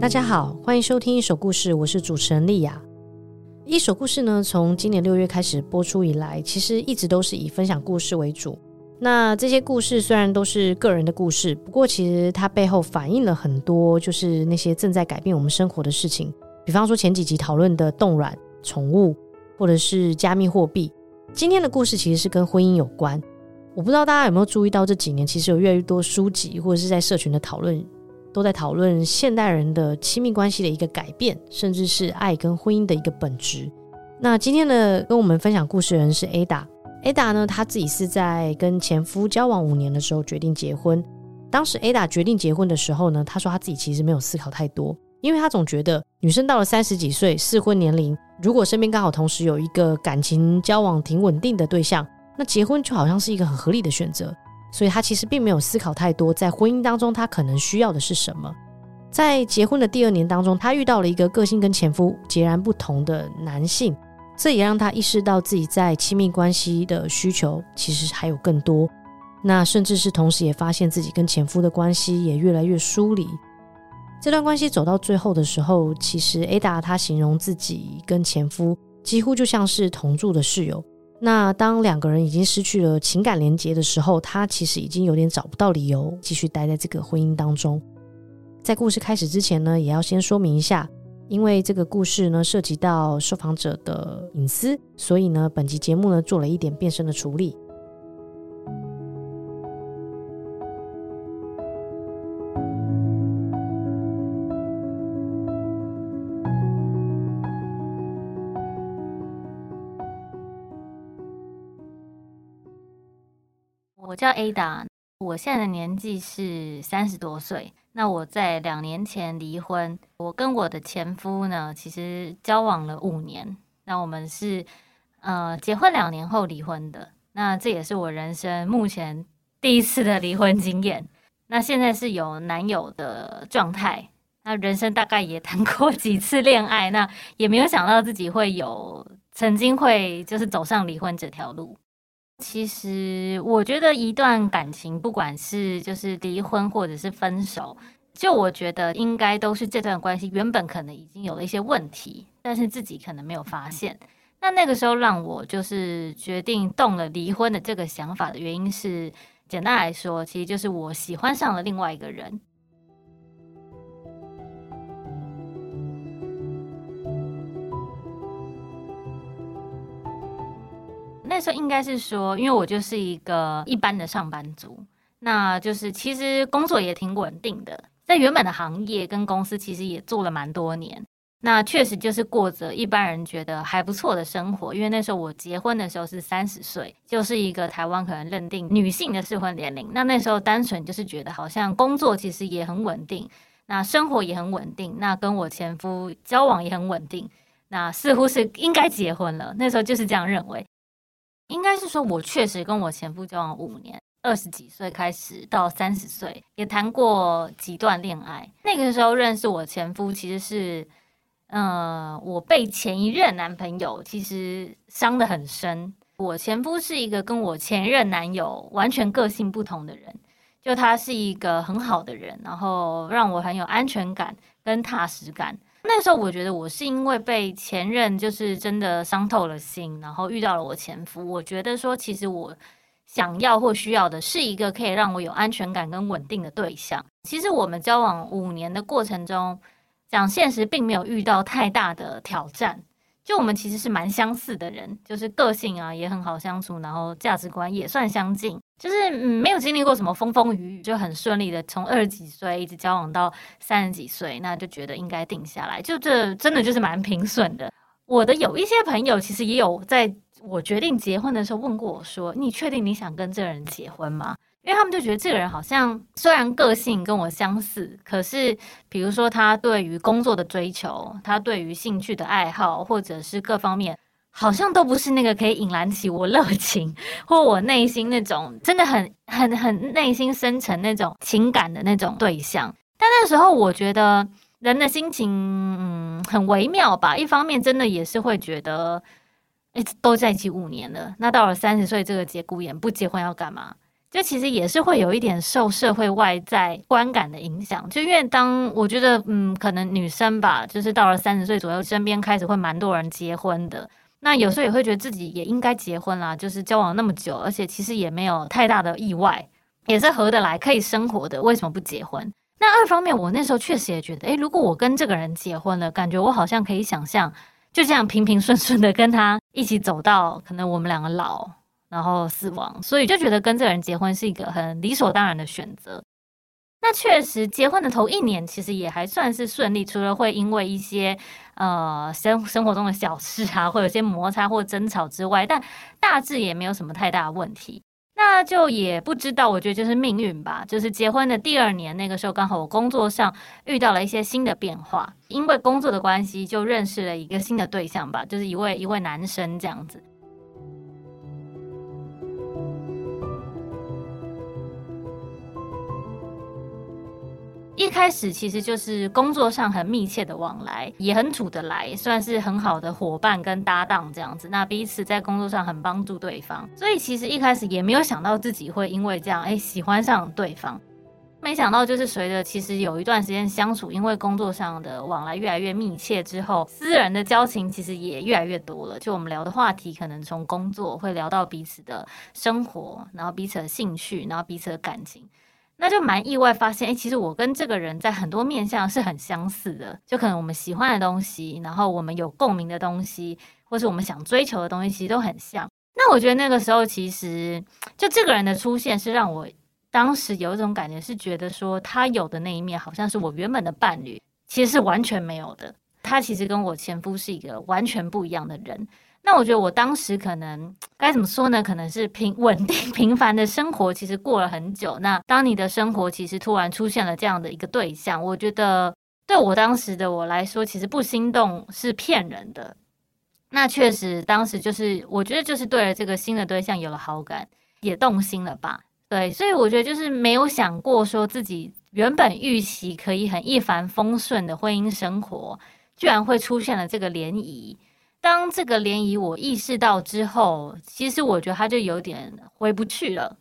大家好，歡迎收聽《一手故事》，我是主持人莉雅。《一手故事》呢，從今年六月開始播出以來，其實一直都是以分享故事為主。那這些故事雖然都是個人的故事，不過其實它背後反映了很多，就是那些正在改變我們生活的事情。比方說前幾集討論的凍卵、寵物，或者是加密貨幣。今天的故事其實是跟婚姻有關。我不知道大家有沒有注意到，這幾年其實有越來越多書籍，或者是在社群的討論。都在討論現代人的親密關係的一個改變，甚至是愛跟婚姻的一個本質。那今天的跟我們分享故事的人是 Ada，Ada 呢，她自己是在跟前夫交往五年的時候決定結婚。當時 Ada 決定結婚的時候呢，她說她自己其實沒有思考太多，因為她總覺得女生到了三十幾歲適婚年齡，如果身邊剛好同時有一個感情交往挺穩定的對象，那結婚就好像是一個很合理的選擇。所以，他其實並沒有思考太多，在婚姻當中，他可能需要的是什麼。在結婚的第二年當中，他遇到了一個個性跟前夫截然不同的男性，這也讓他意識到自己在親密關係的需求其實還有更多。那甚至是同時也發現自己跟前夫的關係也越來越疏離。這段關係走到最後的時候，其實 Ada 她形容自己跟前夫幾乎就像是同住的室友。那當兩個人已經失去了情感連接的時候，他其實已經有點找不到理由繼續待在這個婚姻當中。在故事開始之前呢，也要先說明一下，因為這個故事呢涉及到受訪者的隱私，所以呢，本集節目呢做了一點變聲的處理。我叫 Ada，我現在的年紀是三十多歲。那我在兩年前離婚，我跟我的前夫呢，其實交往了五年。那我們是呃結婚兩年後離婚的。那這也是我人生目前第一次的離婚經驗。那現在是有男友的狀態。那人生大概也談過幾次戀愛，那也沒有想到自己會有曾經會就是走上離婚這條路。其實我覺得，一段感情不管是就是離婚或者是分手，就我覺得應該都是這段關係原本可能已經有了一些問題，但是自己可能沒有發現。那那個時候讓我就是決定動了離婚的這個想法的原因是，簡單來說，其實就是我喜歡上了另外一個人。那時候應該是說，因為我就是一個一般的上班族，那就是其實工作也挺穩定的，在原本的行業跟公司其實也做了蠻多年。那確實就是過着一般人覺得還不錯的生活。因為那時候我結婚的時候是三十歲，就是一個台灣可能認定女性的適婚年齡。那那時候單純就是覺得好像工作其實也很穩定，那生活也很穩定，那跟我前夫交往也很穩定，那似乎是應該結婚了。那時候就是這樣認為。應該是說，我確實跟我前夫交往五年，二十幾歲開始到三十歲，也談過幾段戀愛。那個時候認識我前夫，其實是，呃，我被前一任男朋友其實傷得很深。我前夫是一個跟我前任男友完全個性不同的人，就他是一個很好的人，然後讓我很有安全感跟踏實感。那時候我覺得我是因為被前任就是真的傷透了心，然後遇到了我前夫。我覺得說其實我想要或需要的是一個可以讓我有安全感跟穩定的對象。其實我們交往五年的過程中，講現實並沒有遇到太大的挑戰。就我們其實是蠻相似的人，就是個性啊也很好相處，然後價值觀也算相近。就是，嗯，沒有經歷過什麼風風雨雨，就很順利的從二十幾歲一直交往到三十幾歲，那就覺得應該定下來。就這真的就是蠻平順的。我的有一些朋友其實也有在我決定結婚的時候問過我說：“你確定你想跟這個人結婚嗎？”因為他們就覺得這個人好像雖然個性跟我相似，可是比如說他對於工作的追求，他對於興趣的愛好，或者是各方面。好像都不是那個可以引燃起我熱情或我內心那種真的很很很內心深層那種情感的那種對象。但那時候我覺得人的心情嗯，很微妙吧。一方面真的也是會覺得哎、欸，都在一起五年了，那到了三十歲這個節骨眼不結婚要幹嘛？就其實也是會有一點受社會外在觀感的影響。就因為當我覺得嗯，可能女生吧，就是到了三十歲左右，身邊開始會蠻多人結婚的。那有時候也會覺得自己也應該結婚啦，就是交往那麼久，而且其實也沒有太大的意外，也是合得來，可以生活的，為什麼不結婚？那二方面，我那時候確實也覺得，誒，如果我跟這個人結婚了，感覺我好像可以想象，就這樣平平順順的跟他一起走到可能我們兩個老，然後死亡，所以就覺得跟這個人結婚是一個很理所當然的選擇。那確實，結婚的頭一年其實也還算是順利，除了會因為一些呃生生活中的小事啊，會有些摩擦或爭吵之外，但大致也沒有什麼太大的問題。那就也不知道，我覺得就是命運吧。就是結婚的第二年那個時候，剛好我工作上遇到了一些新的變化，因為工作的關係就認識了一個新的對象吧，就是一位一位男生這樣子。一開始其實就是工作上很密切的往來，也很處得來，算是很好的夥伴跟搭檔這樣子。那彼此在工作上很幫助對方，所以其實一開始也沒有想到自己會因為這樣，誒，欸，喜歡上對方。沒想到就是隨着其實有一段時間相處，因為工作上的往來越來越密切之後，私人的交情其實也越來越多了。就我們聊的話題，可能從工作會聊到彼此的生活，然後彼此的興趣，然後彼此的感情。那就蠻意外，發現誒、欸，其實我跟這個人在很多面向是很相似的，就可能我們喜歡的東西，然後我們有共鳴的東西，或是我們想追求的東西，其實都很像。那我覺得那個時候，其實就這個人的出現是讓我當時有一種感覺，是覺得說他有的那一面，好像是我原本的伴侶，其實是完全沒有的。他其實跟我前夫是一個完全不一樣的人。那我覺得我當時可能該怎麼說呢？可能是平穩定平凡的生活，其實過了很久。那當你的生活其實突然出現了這樣的一個對象，我覺得對我當時的我來說，其實不心動是騙人的。那確實，當時就是我覺得就是對了這個新的對象有了好感，也動心了吧？對，所以我覺得就是沒有想過說自己原本預期可以很一帆風順的婚姻生活，居然會出現了這個漣漪。當這個漣漪我意識到之後，其實我覺得他就有點回不去了，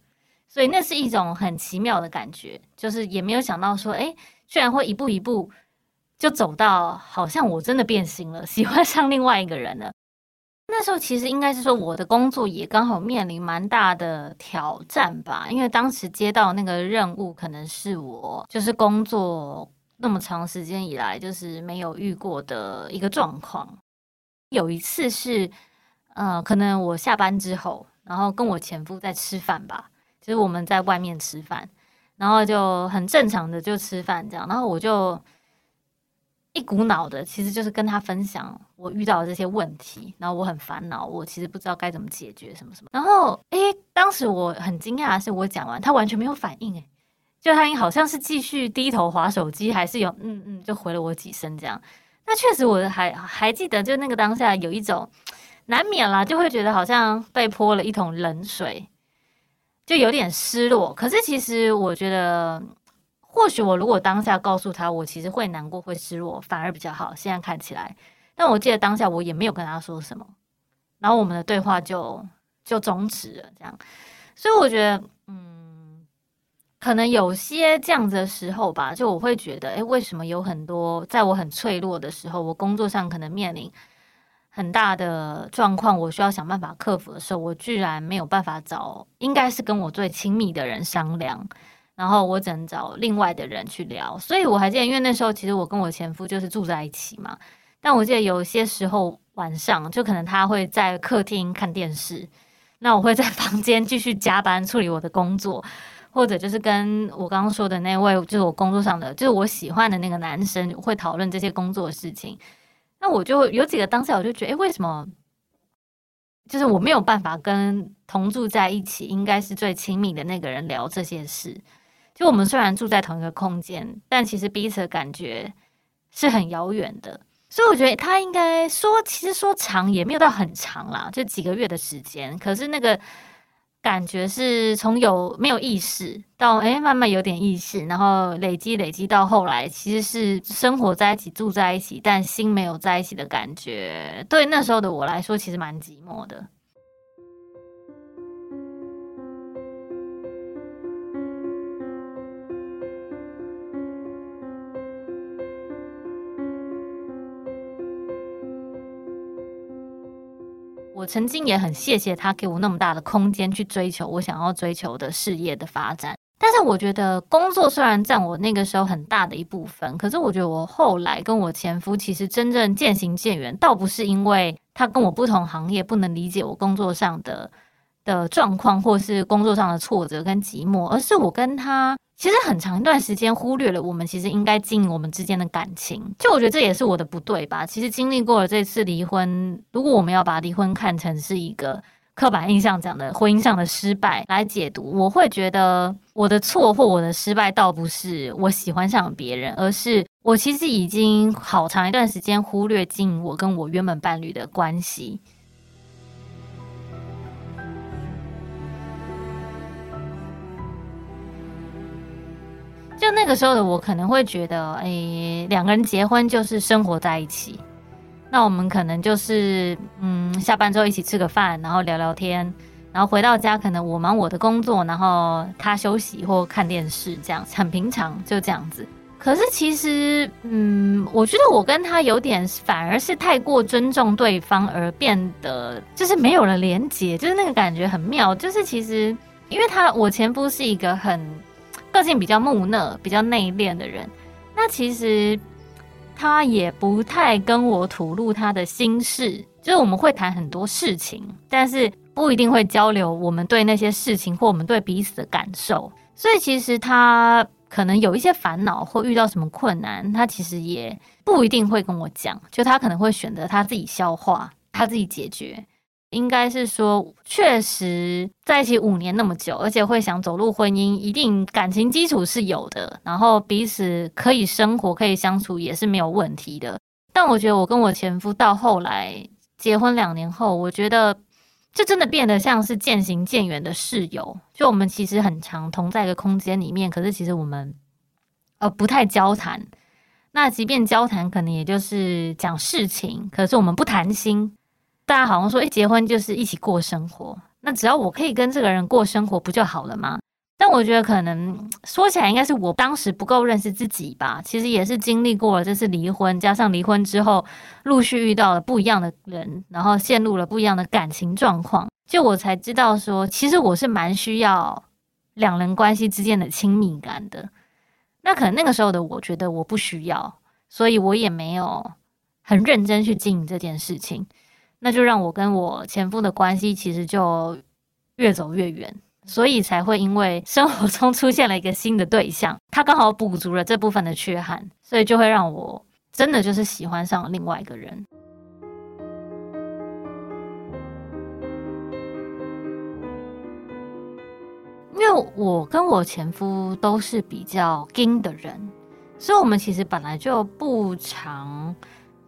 所以那是一種很奇妙的感覺，就是也沒有想到說，誒、欸，居然會一步一步就走到好像我真的變心了，喜歡上另外一個人了。那時候其實應該是說我的工作也剛好面臨蠻大的挑戰吧，因為當時接到那個任務，可能是我就是工作那麼長時間以來就是沒有遇過的一個狀況。有一次是，呃，可能我下班之後，然後跟我前夫在吃飯吧，就是我們在外面吃飯，然後就很正常的就吃飯這樣，然後我就一股腦的，其實就是跟他分享我遇到的這些問題，然後我很煩惱，我其實不知道該怎麼解決什麼什麼，然後誒，當時我很驚訝的是，我講完他完全沒有反應，誒，就他好像是繼續低頭滑手機，還是有嗯嗯，就回了我幾聲這樣。那確實，我還還記得，就那個當下有一種難免啦，就會覺得好像被潑了一桶冷水，就有點失落。可是其實我覺得，或許我如果當下告訴他，我其實會難過、會失落，反而比較好。現在看起來，但我記得當下我也沒有跟他說什麼，然後我們的對話就就終止了，這樣。所以我覺得，嗯。可能有些這樣子的時候吧，就我會覺得，誒，為什麼有很多在我很脆弱的時候，我工作上可能面臨很大的狀況，我需要想辦法克服的時候，我居然沒有辦法找應該是跟我最親密的人商量，然後我只能找另外的人去聊。所以我還記得，因為那時候其實我跟我前夫就是住在一起嘛，但我記得有些時候晚上，就可能他會在客廳看電視，那我會在房間繼續加班處理我的工作。或者就是跟我剛剛說的那位，就是我工作上的，就是我喜歡的那個男生，會討論這些工作的事情。那我就有幾個當下，我就覺得，誒，為什麼就是我沒有辦法跟同住在一起，應該是最親密的那個人聊這些事？就我們雖然住在同一個空間，但其實彼此的感覺是很遙遠的。所以我覺得他應該說，其實說長也沒有到很長啦，就幾個月的時間。可是那個。感覺是從有沒有意識，到誒、欸、慢慢有點意識，然後累積累積到後來，其實是生活在一起、住在一起，但心沒有在一起的感覺。對那時候的我來說，其實蠻寂寞的。我曾經也很謝謝他給我那麼大的空間去追求我想要追求的事業的發展，但是我覺得工作雖然佔我那個時候很大的一部分，可是我覺得我後來跟我前夫其實真正漸行漸遠，倒不是因為他跟我不同行業，不能理解我工作上的的狀況，或是工作上的挫折跟寂寞，而是我跟他。其實很長一段時間忽略了我們，其實應該經營我們之間的感情。就我覺得這也是我的不對吧。其實經歷過了這次離婚，如果我們要把離婚看成是一個刻板印象講的婚姻上的失敗來解讀，我會覺得我的錯或我的失敗倒不是我喜歡上別人，而是我其實已經好長一段時間忽略經營我跟我原本伴侶的關係。就那個時候的我可能會覺得，哎、欸，兩個人結婚就是生活在一起，那我們可能就是，嗯，下班之後一起吃個飯，然後聊聊天，然後回到家，可能我忙我的工作，然後他休息或看電視，這樣很平常，就這樣子。可是其實，嗯，我覺得我跟他有點，反而是太過尊重對方而變得，就是沒有了連接，就是那個感覺很妙。就是其實，因為他我前夫是一個很個性比較木訥、比較內斂的人，那其實他也不太跟我吐露他的心事。就是我們會談很多事情，但是不一定會交流我們對那些事情或我們對彼此的感受。所以其實他可能有一些煩惱或遇到什麼困難，他其實也不一定會跟我講，就他可能會選擇他自己消化、他自己解決。應該是說，確實在一起五年那麼久，而且會想走入婚姻，一定感情基礎是有的，然後彼此可以生活、可以相處也是沒有問題的。但我覺得我跟我前夫到後來結婚兩年後，我覺得就真的變得像是漸行漸遠的室友。就我們其實很常同在一個空間裡面，可是其實我們呃不太交談。那即便交談，可能也就是講事情，可是我們不談心。大家好像說，一結婚就是一起過生活。那只要我可以跟這個人過生活，不就好了嗎？但我覺得可能說起來，應該是我當時不夠認識自己吧。其實也是經歷過了這次離婚，加上離婚之後，陸續遇到了不一樣的人，然後陷入了不一樣的感情狀況，就我才知道說，其實我是蠻需要兩人關係之間的親密感的。那可能那個時候的我覺得我不需要，所以我也沒有很認真去經營這件事情。那就讓我跟我前夫的關係其實就越走越遠，所以才會因為生活中出現了一個新的對象，他剛好補足了這部分的缺憾，所以就會讓我真的就是喜歡上另外一個人。因為我跟我前夫都是比較硬的人，所以我們其實本來就不常。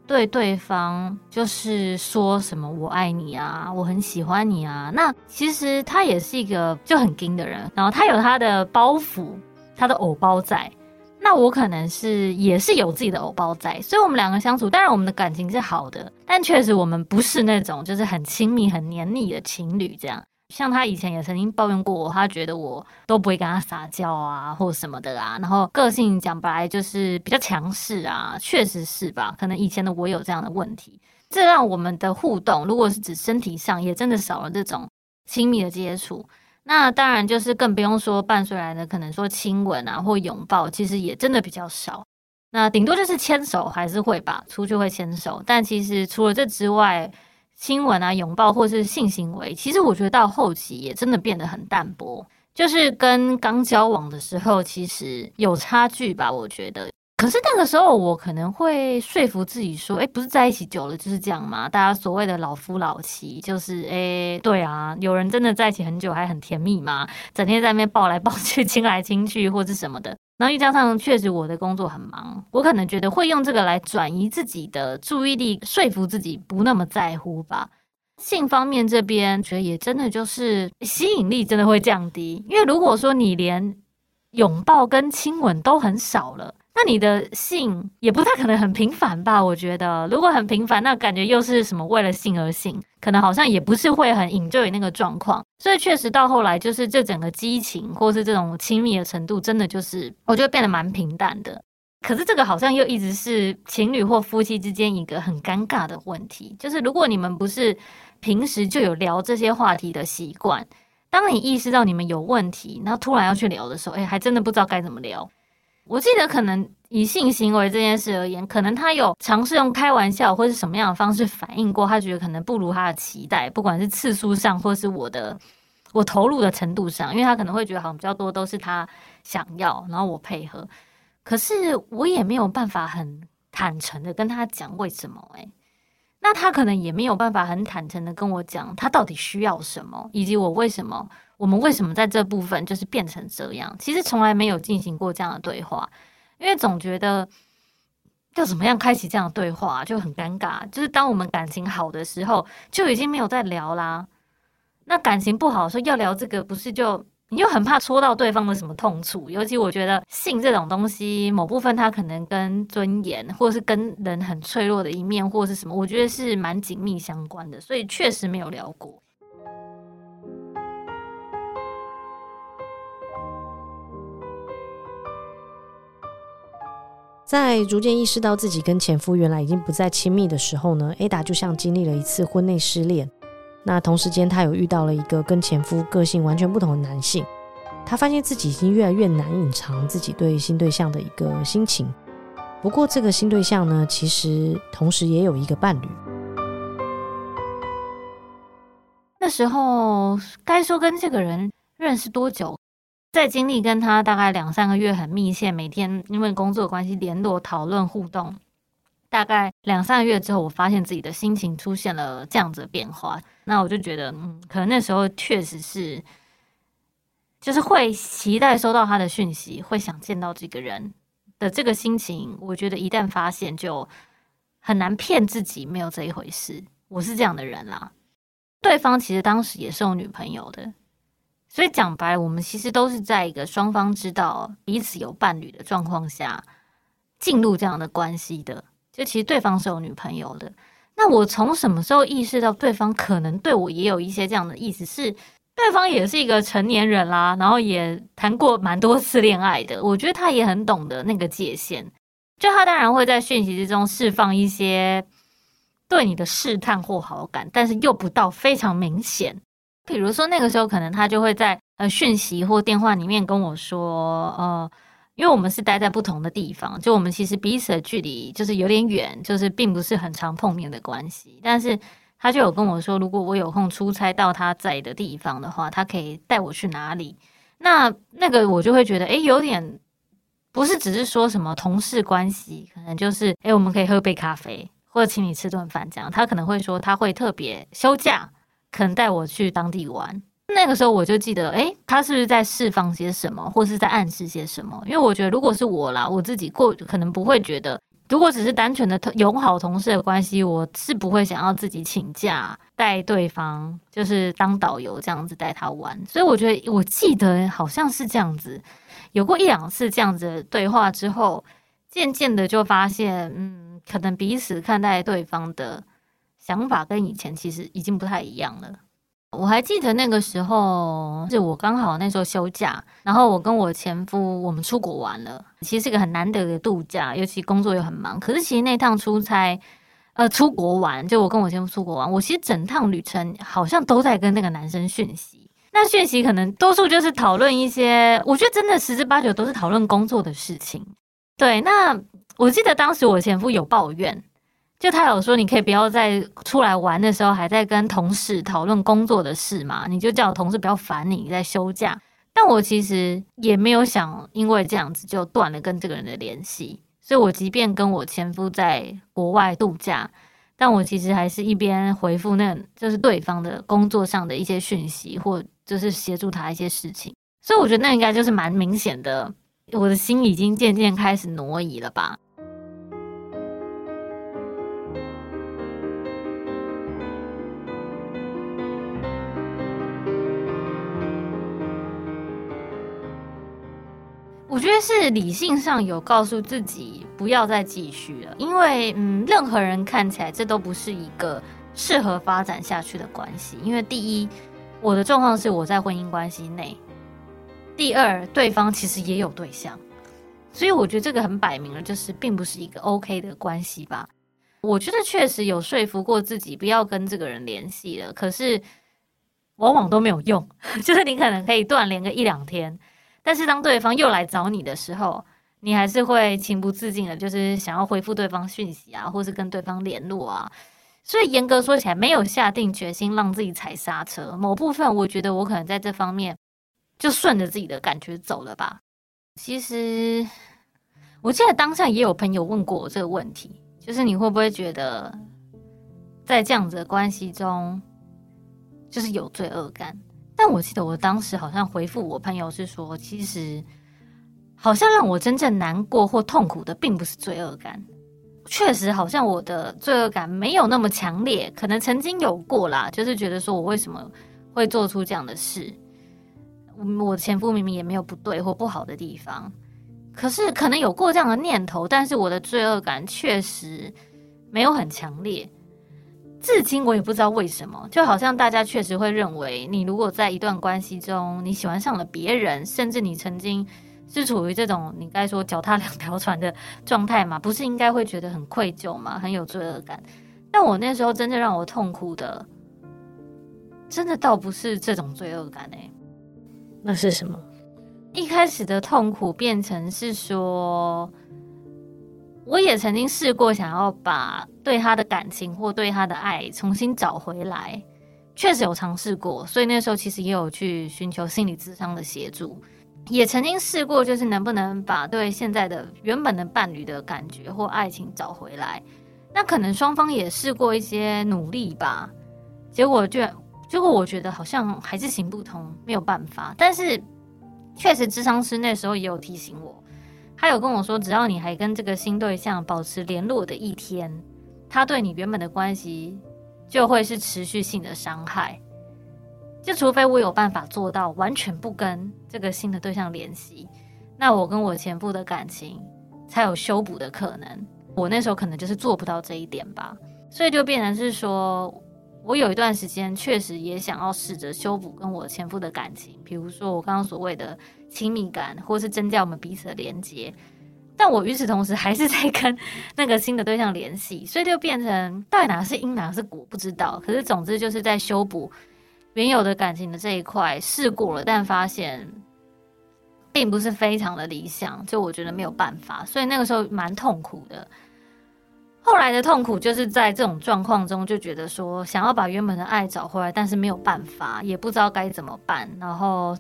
對對方就是說什麼「我愛你啊，我很喜歡你啊」，那其實他也是一個就很金的人，然後他有他的包袱，他的偶包在，那我可能是也是有自己的偶包在，所以我們兩個相處，當然我們的感情是好的，但確實我們不是那種就是很親密、很黏膩的情侶這樣。像他以前也曾經抱怨過我，他覺得我都不會跟他撒嬌啊，或者什麼的啊。然後個性講白就是比較強勢啊，確實是吧？可能以前的我有這樣的問題，這讓我們的互動，如果是指身體上，也真的少了這種親密的接觸。那當然就是更不用說伴隨來的，可能說親吻啊或擁抱，其實也真的比較少。那頂多就是牽手還是會吧，出去會牽手，但其實除了這之外。親吻啊，擁抱或是性行為，其實我覺得到後期也真的變得很淡薄，就是跟剛交往的時候其實有差距吧，我覺得。可是那個時候我可能會說服自己說，欸，不是在一起久了就是這樣嗎？大家所謂的老夫老妻，就是欸，對啊，有人真的在一起很久還很甜蜜嗎？整天在那邊抱來抱去、親來親去，或是什麼的。然後一加上，確實我的工作很忙，我可能覺得會用這個來轉移自己的注意力，說服自己不那麼在乎吧。性方面這邊，覺得也真的就是吸引力真的會降低，因為如果說你連擁抱跟親吻都很少了。那你的性也不太可能很頻繁吧？我覺得，如果很頻繁，那感覺又是什麼為了性而性？可能好像也不是會很 enjoy 那個狀況。所以確實到後來，就是這整個激情或是這種親密的程度，真的就是我覺得變得蠻平淡的。可是這個好像又一直是情侶或夫妻之間一個很尷尬的問題。就是如果你們不是平時就有聊這些話題的習慣，當你意識到你們有問題，然後突然要去聊的時候，誒、欸，還真的不知道該怎麼聊。我記得可能以性行為這件事而言，可能他有嘗試用開玩笑或是什麼樣的方式反應過，他覺得可能不如他的期待，不管是次數上或是我的我投入的程度上，因為他可能會覺得好像比較多都是他想要，然後我配合，可是我也沒有辦法很坦誠的跟他講為什麼，欸，誒，那他可能也沒有辦法很坦誠的跟我講他到底需要什麼，以及我為什麼。我們為什麼在這部分就是變成這樣？其實從來沒有進行過這樣的對話，因為總覺得要怎麼樣開啟這樣的對話、啊、就很尷尬。就是當我們感情好的時候，就已經沒有在聊啦。那感情不好的時候要聊這個，不是就你又很怕戳到對方的什麼痛處？尤其我覺得性這種東西，某部分它可能跟尊嚴，或是跟人很脆弱的一面，或是什麼，我覺得是蠻緊密相關的。所以確實沒有聊過。在逐漸意識到自己跟前夫原來已經不再親密的時候呢，Ada 就像經歷了一次婚內失戀。那同時間，她有遇到了一個跟前夫個性完全不同的男性，她發現自己已經越來越難隱藏自己對新對象的一個心情。不過，這個新對象呢，其實同時也有一個伴侶。那時候，該說跟這個人認識多久？在經歷跟他大概兩三個月很密切，每天因為工作關係聯絡、討論、互動，大概兩三個月之後，我發現自己的心情出現了這樣子的變化。那我就覺得，嗯，可能那時候確實是，就是會期待收到他的訊息，會想見到這個人的這個心情。我覺得一旦發現，就很難騙自己沒有這一回事。我是這樣的人啦。對方其實當時也是有女朋友的。所以講白了，我們其實都是在一個雙方知道彼此有伴侶的狀況下進入這樣的關係的。就其實對方是有女朋友的。那我從什麼時候意識到對方可能對我也有一些這樣的意思是？是對方也是一個成年人啦，然後也談過蠻多次戀愛的。我覺得他也很懂得那個界限。就他當然會在訊息之中釋放一些對你的試探或好感，但是又不到非常明顯。比如說那個時候，可能他就會在呃訊息或電話裡面跟我說，呃，因為我們是待在不同的地方，就我們其實彼此的距離就是有點遠，就是並不是很常碰面的關係。但是他就有跟我說，如果我有空出差到他在的地方的話，他可以帶我去哪裡。那那個我就會覺得，誒，有點不是只是說什麼同事關係，可能就是誒，我們可以喝杯咖啡，或者請你吃頓飯這樣。他可能會說，他會特別休假。可能帶我去當地玩，那個時候我就記得，欸，他是不是在釋放些什麼，或是在暗示些什麼？因為我覺得，如果是我啦，我自己過可能不會覺得，如果只是單純的友好同事的關係，我是不會想要自己請假帶對方，就是當導遊這樣子帶他玩。所以我覺得，我記得好像是這樣子，有過一兩次這樣子對話之後，漸漸的就發現，嗯，可能彼此看待對方的。想法跟以前其實已經不太一樣了。我還記得那個時候，是我剛好那時候休假，然後我跟我前夫我們出國玩了，其實是個很難得的度假，尤其工作又很忙。可是其實那趟出差，呃，出國玩，就我跟我前夫出國玩，我其實整趟旅程好像都在跟那個男生訊息。那訊息可能多數就是討論一些，我覺得真的十之八九都是討論工作的事情。對，那我記得當時我前夫有抱怨。就他有說，你可以不要在出來玩的時候，還在跟同事討論工作的事嘛？你就叫同事不要煩你，你在休假。但我其實也沒有想，因為這樣子就斷了跟這個人的聯繫。所以我即便跟我前夫在國外度假，但我其實還是一邊回復那，就是對方的工作上的一些訊息，或就是協助他一些事情。所以我覺得那應該就是蠻明顯的，我的心已經漸漸開始挪移了吧。我覺得是理性上有告訴自己不要再繼續了，因為嗯，任何人看起來這都不是一個適合發展下去的關係。因為第一，我的狀況是我在婚姻關係內；第二，對方其實也有對象，所以我覺得這個很擺明了，就是並不是一個 OK 的關係吧。我覺得確實有說服過自己不要跟這個人聯繫了，可是往往都沒有用，就是你可能可以斷聯個一兩天。但是當對方又來找你的時候，你還是會情不自禁的，就是想要回復對方訊息啊，或是跟對方聯絡啊。所以嚴格說起來，沒有下定決心讓自己踩剎車。某部分我覺得我可能在這方面就順着自己的感覺走了吧。其實我記得當下也有朋友問過我這個問題，就是你會不會覺得在這樣子的關係中，就是有罪惡感？但我記得我當時好像回復我朋友是說，其實好像讓我真正難過或痛苦的，並不是罪惡感。確實好像我的罪惡感沒有那麼強烈，可能曾經有過啦，就是覺得說我為什麼會做出這樣的事。我前夫明明也沒有不對或不好的地方，可是可能有過這樣的念頭，但是我的罪惡感確實沒有很強烈。至今我也不知道為什麼，就好像大家確實會認為，你如果在一段關係中你喜歡上了別人，甚至你曾經是處於這種你該說腳踏兩條船的狀態嘛，不是應該會覺得很愧疚嗎，很有罪惡感？但我那時候真正讓我痛苦的，真的倒不是這種罪惡感。欸，那是什麼？一開始的痛苦變成是說。我也曾經試過想要把對他的感情或對他的愛重新找回來，確實有嘗試過，所以那時候其實也有去尋求心理諮商的協助，也曾經試過就是能不能把對現在的原本的伴侶的感覺或愛情找回來，那可能雙方也試過一些努力吧，結果就……結果我覺得好像還是行不通，沒有辦法，但是確實諮商師那時候也有提醒我。他有跟我說，只要你還跟這個新對象保持聯絡的一天，他對你原本的關係就會是持續性的傷害。就除非我有辦法做到完全不跟這個新的對象聯繫，那我跟我前夫的感情才有修補的可能。我那時候可能就是做不到這一點吧，所以就變成是說。我有一段時間確實也想要試着修補跟我前夫的感情，比如說我剛剛所謂的親密感，或是增加我們彼此的連接。但我與此同時還是在跟那個新的對象聯繫，所以就變成到底哪是因，哪是果，不知道。可是總之就是在修補原有的感情的這一塊試過了，但發現並不是非常的理想，就我覺得沒有辦法，所以那個時候蠻痛苦的。後來的痛苦就是在這種狀況中，就覺得說想要把原本的愛找回來，但是沒有辦法，也不知道該怎麼辦。然後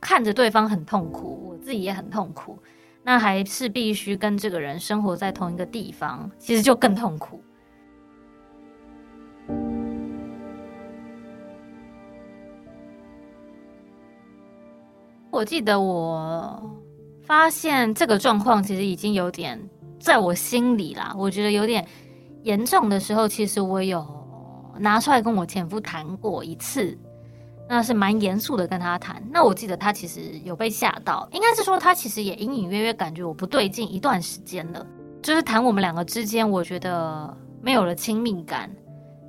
看着對方很痛苦，我自己也很痛苦。那還是必須跟這個人生活在同一個地方，其實就更痛苦。我記得我發現這個狀況其實已經有點。在我心裡啦，我覺得有點嚴重的時候，其實我有拿出來跟我前夫談過一次，那是蠻嚴肅的跟他談。那我記得他其實有被嚇到，應該是說他其實也隱隱約約感覺我不對勁一段時間了，就是談我們兩個之間，我覺得沒有了親密感，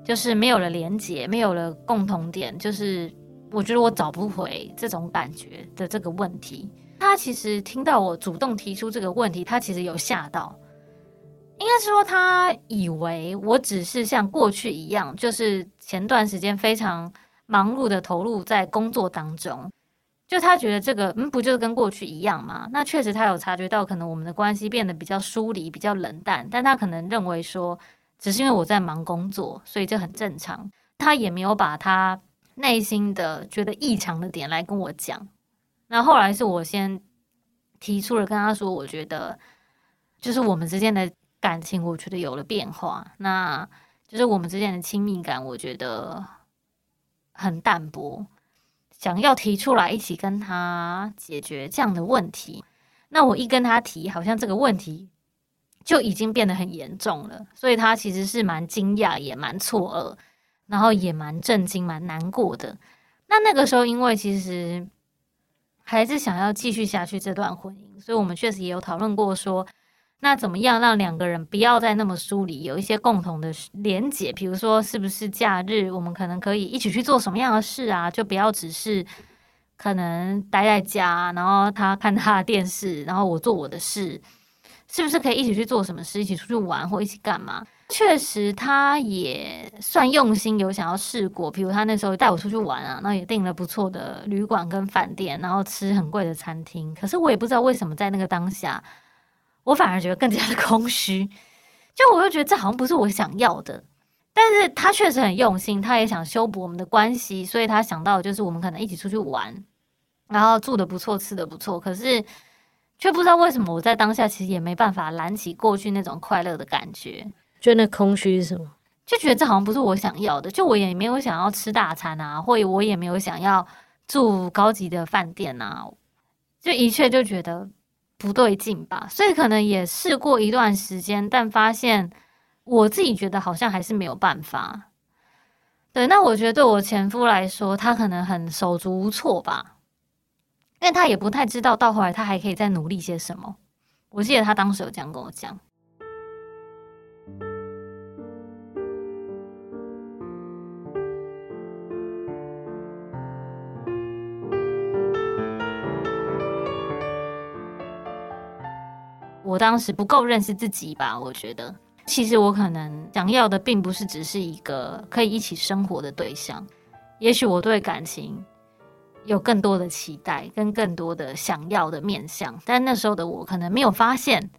就是沒有了連結，沒有了共同點，就是我覺得我找不回這種感覺的這個問題。他其實聽到我主動提出這個問題，他其實有嚇到。應該是說，他以為我只是像過去一樣，就是前段時間非常忙碌的投入在工作當中，就他覺得這個，嗯，不就是跟過去一樣嗎？那確實，他有察覺到可能我們的關係變得比較疏離、比較冷淡，但他可能認為說，只是因為我在忙工作，所以這很正常。他也沒有把他內心的覺得異常的點來跟我講。那後來是我先提出了跟他說，我覺得就是我們之間的。感情我覺得有了變化，那就是我們之間的親密感，我覺得很淡薄。想要提出來一起跟他解決這樣的問題，那我一跟他提，好像這個問題就已經變得很嚴重了。所以他其實是蠻驚訝，也蠻錯愕，然後也蠻震驚、蠻難過的。那那個時候，因為其實還是想要繼續下去這段婚姻，所以我們確實也有討論過說。那怎麼樣讓兩個人不要再那麼疏離，有一些共同的聯結？比如說，是不是假日我們可能可以一起去做什麼樣的事啊？就不要只是可能待在家，然後他看他的電視，然後我做我的事，是不是可以一起去做什麼事，一起出去玩或一起幹嘛？確實，他也算用心有想要試過，比如他那時候帶我出去玩啊，那也訂了不錯的旅館跟飯店，然後吃很貴的餐廳。可是我也不知道為什麼在那個當下。我反而覺得更加的空虛，就我又覺得這好像不是我想要的，但是他確實很用心，他也想修補我們的關係，所以他想到就是我們可能一起出去玩，然後住的不錯，吃的不錯，可是卻不知道為什麼我在當下其實也沒辦法燃起過去那種快樂的感覺。就那空虛是什麼？就覺得這好像不是我想要的，就我也沒有想要吃大餐啊，或者我也沒有想要住高級的飯店啊，就一切就覺得。不對勁吧？所以可能也試過一段時間，但發現我自己覺得好像還是沒有辦法。對，那我覺得對我前夫來說，他可能很手足無措吧？因為他也不太知道，到後來他還可以再努力些什麼。我記得他當時有這樣跟我講。我當時不夠認識自己吧，我覺得其實我可能想要的並不是只是一個可以一起生活的對象，也許我對感情有更多的期待跟更多的想要的面向，但那時候的我可能沒有發現，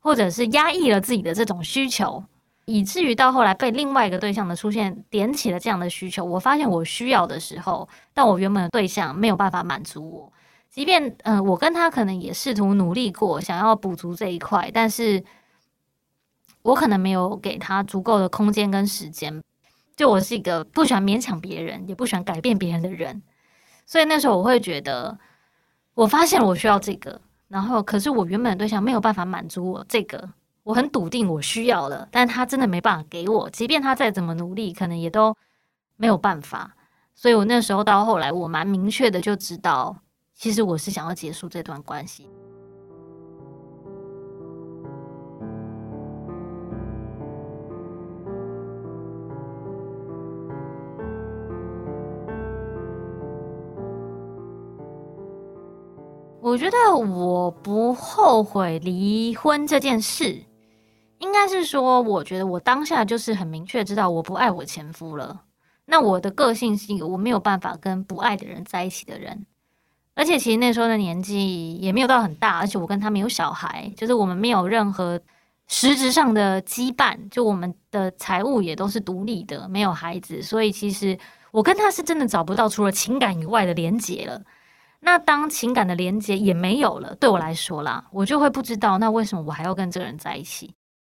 或者是壓抑了自己的這種需求，以至於到後來被另外一個對象的出現點起了這樣的需求，我發現我需要的時候，但我原本的對象沒有辦法滿足我。即便嗯、呃，我跟他可能也試圖努力過，想要補足這一塊，但是，我可能沒有給他足夠的空間跟時間。就我是一個不喜歡勉強別人，也不喜歡改變別人的人，所以那時候我會覺得，我發現我需要這個，然後可是我原本的對象沒有辦法滿足我這個，我很篤定我需要了，但他真的沒辦法給我。即便他再怎麼努力，可能也都沒有辦法。所以，我那時候到後來，我蠻明確的就知道。其實我是想要結束這段關係。我覺得我不後悔離婚這件事，應該是說，我覺得我當下就是很明確知道我不愛我前夫了。那我的個性是，一個我沒有辦法跟不愛的人在一起的人。而且其實那時候的年紀也沒有到很大，而且我跟他沒有小孩，就是我們沒有任何實質上的羈絆，就我們的財務也都是獨立的，沒有孩子，所以其實我跟他是真的找不到除了情感以外的連接了。那當情感的連接也沒有了，對我來說啦，我就會不知道那為什麼我還要跟這個人在一起。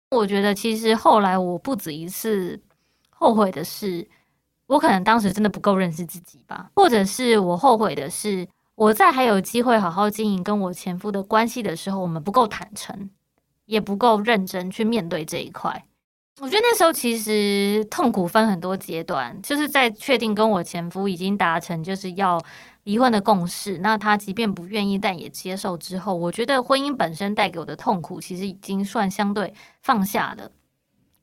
我覺得其實後來我不止一次後悔的是，我可能當時真的不夠認識自己吧，或者是我後悔的是。我在還有機會好好經營跟我前夫的關係的時候，我們不夠坦誠，也不夠認真去面對這一塊。我覺得那時候其實痛苦分很多階段，就是在確定跟我前夫已經達成就是要離婚的共識，那他即便不願意，但也接受之後，我覺得婚姻本身帶給我的痛苦其實已經算相對放下了。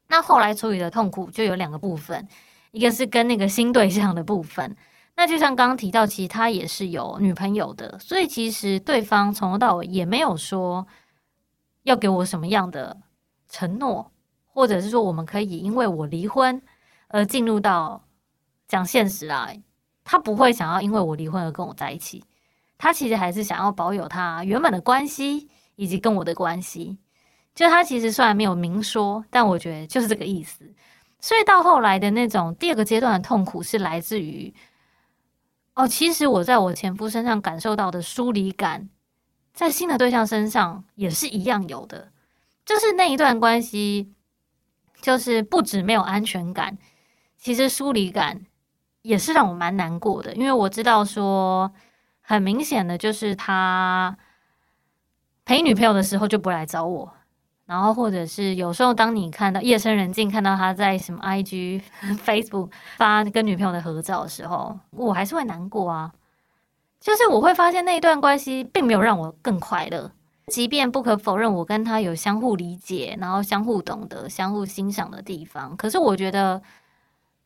那後來處理的痛苦就有兩個部分，一個是跟那個新對象的部分。那就像剛剛提到，其實他也是有女朋友的，所以其實對方從頭到尾也沒有說要給我什麼樣的承諾，或者是說我們可以因為我離婚而進入到講現實來，他不會想要因為我離婚而跟我在一起，他其實還是想要保有他原本的關係以及跟我的關係。就他其實雖然沒有明說，但我覺得就是這個意思。所以到後來的那種第二個階段的痛苦是來自於。哦，其實我在我前夫身上感受到的疏離感，在新的對象身上也是一樣有的。就是那一段關係，就是不止沒有安全感，其實疏離感也是讓我蠻難過的。因為我知道說，很明顯的就是他陪女朋友的時候就不來找我。然後，或者是有時候，當你看到夜深人靜，看到他在什麼 IG、 Facebook 發跟女朋友的合照的時候，我還是會難過啊。就是我會發現那一段關係並沒有讓我更快樂，即便不可否認，我跟他有相互理解、然後相互懂得、相互欣賞的地方。可是我覺得，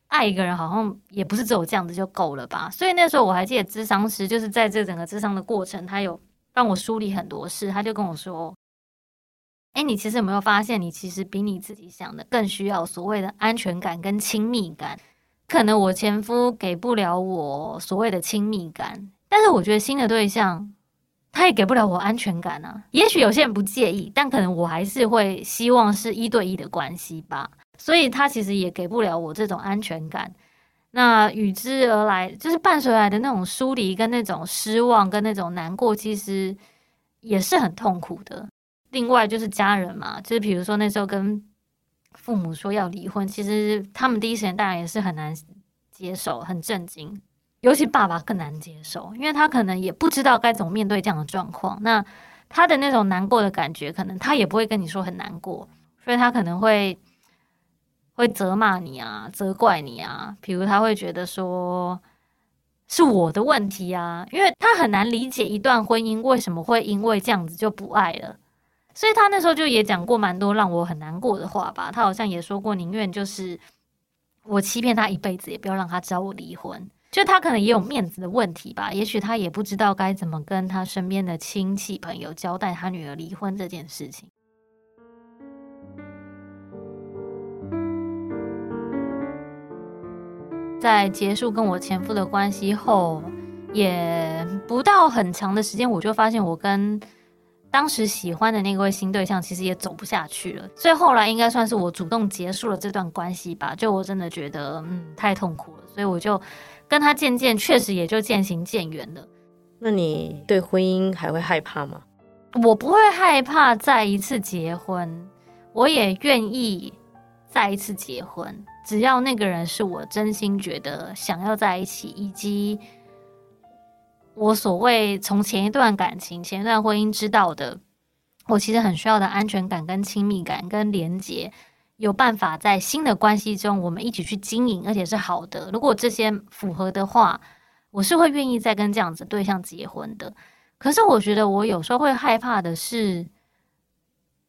愛一個人好像也不是只有這樣子就夠了吧。所以那時候我還記得，諮商時就是在這整個諮商的過程，他有讓我梳理很多事，他就跟我說。哎、欸，你其實有沒有發現，你其實比你自己想的更需要所謂的安全感跟親密感？可能我前夫給不了我所謂的親密感，但是我覺得新的對象他也給不了我安全感啊。也許有些人不介意，但可能我還是會希望是一對一的關係吧。所以他其實也給不了我這種安全感。那與之而來，就是伴隨來的那種疏離，跟那種失望，跟那種難過，其實也是很痛苦的。另外就是家人嘛，就是比如說那時候跟父母說要離婚，其實他們第一時間當然也是很難接受，很震驚，尤其爸爸更難接受，因為他可能也不知道該怎麼面對這樣的狀況。那他的那種難過的感覺，可能他也不會跟你說很難過，所以他可能會會責罵你啊，責怪你啊。比如他會覺得說是我的問題啊，因為他很難理解一段婚姻為什麼會因為這樣子就不愛了。所以他那時候就也講過蠻多讓我很難過的話吧。他好像也說過，寧願就是我欺騙他一輩子，也不要讓他知道我離婚。就他可能也有面子的問題吧，也許他也不知道該怎麼跟他身邊的親戚朋友交代他女兒離婚這件事情。在結束跟我前夫的關係後，也不到很長的時間，我就發現我跟。當時喜歡的那位新對象其實也走不下去了，所以後來應該算是我主動結束了這段關係吧。就我真的覺得，嗯，太痛苦了，所以我就跟他漸漸，確實也就漸行漸遠了。那你對婚姻還會害怕嗎？我不會害怕再一次結婚，我也願意再一次結婚，只要那個人是我真心覺得想要在一起，以及。我所謂從前一段感情，前一段婚姻知道的，我其實很需要的安全感，跟親密感，跟連結，有辦法在新的關係中我們一起去經營，而且是好的。如果這些符合的話，我是會願意再跟這樣子對象結婚的。可是我覺得我有時候會害怕的是，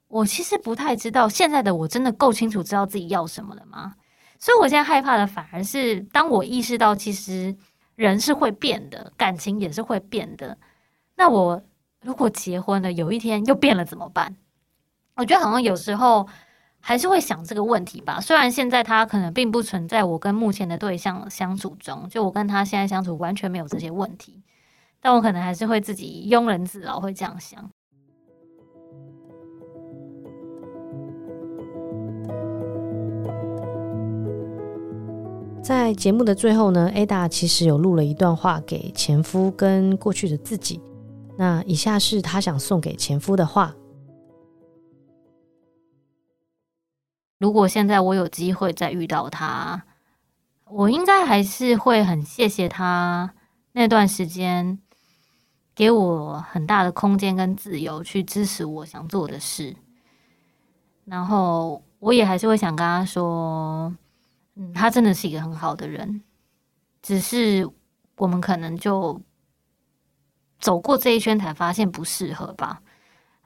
我其實不太知道現在的我真的夠清楚知道自己要什麼了嗎？所以我現在害怕的反而是，當我意識到其實。人是會變的，感情也是會變的。那我如果結婚了，有一天又變了怎麼辦？我覺得好像有時候還是會想這個問題吧。雖然現在他可能並不存在，我跟目前的對象相處中，就我跟他現在相處完全沒有這些問題，但我可能還是會自己庸人自擾，會這樣想。在節目的最後呢，Ada 其實有錄了一段話給前夫跟過去的自己。那以下是他想送給前夫的話：如果現在我有機會再遇到他，我應該還是會很謝謝他那段時間給我很大的空間跟自由，去支持我想做的事。然後我也還是會想跟他說。嗯，他真的是一個很好的人，只是我們可能就走過這一圈才發現不適合吧，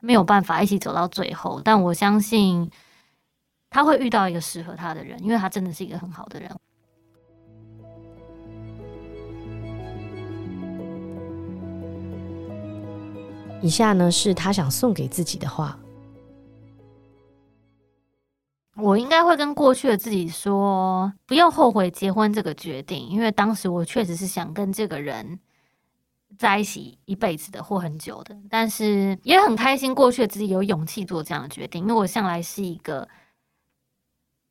沒有辦法一起走到最後。但我相信他會遇到一個適合他的人，因為他真的是一個很好的人。以下呢，是他想送給自己的話。我應該會跟過去的自己說，不要後悔結婚這個決定，因為當時我確實是想跟這個人在一起一輩子的，或很久的。但是也很開心，過去的自己有勇氣做這樣的決定，因為我向來是一個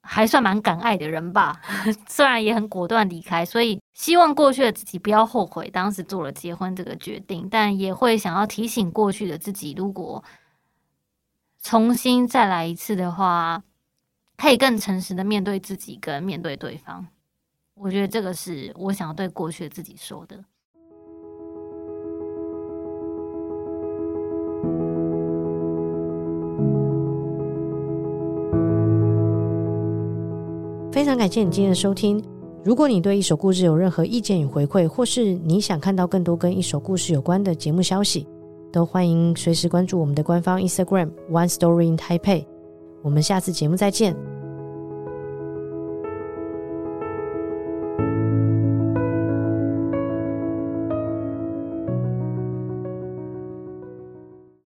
還算蠻敢愛的人吧。呵呵，雖然也很果斷離開，所以希望過去的自己不要後悔當時做了結婚這個決定，但也會想要提醒過去的自己，如果重新再來一次的話，可以更誠實的面對自己，跟面對對方。我覺得這個是我想要對過去的自己說的。非常感謝你今天的收聽。如果你對一手故事有任何意見與回饋，或是你想看到更多跟一手故事有關的節目消息，都歡迎隨時關注我們的官方 Instagram One Story in Taipei。我們下次節目再見。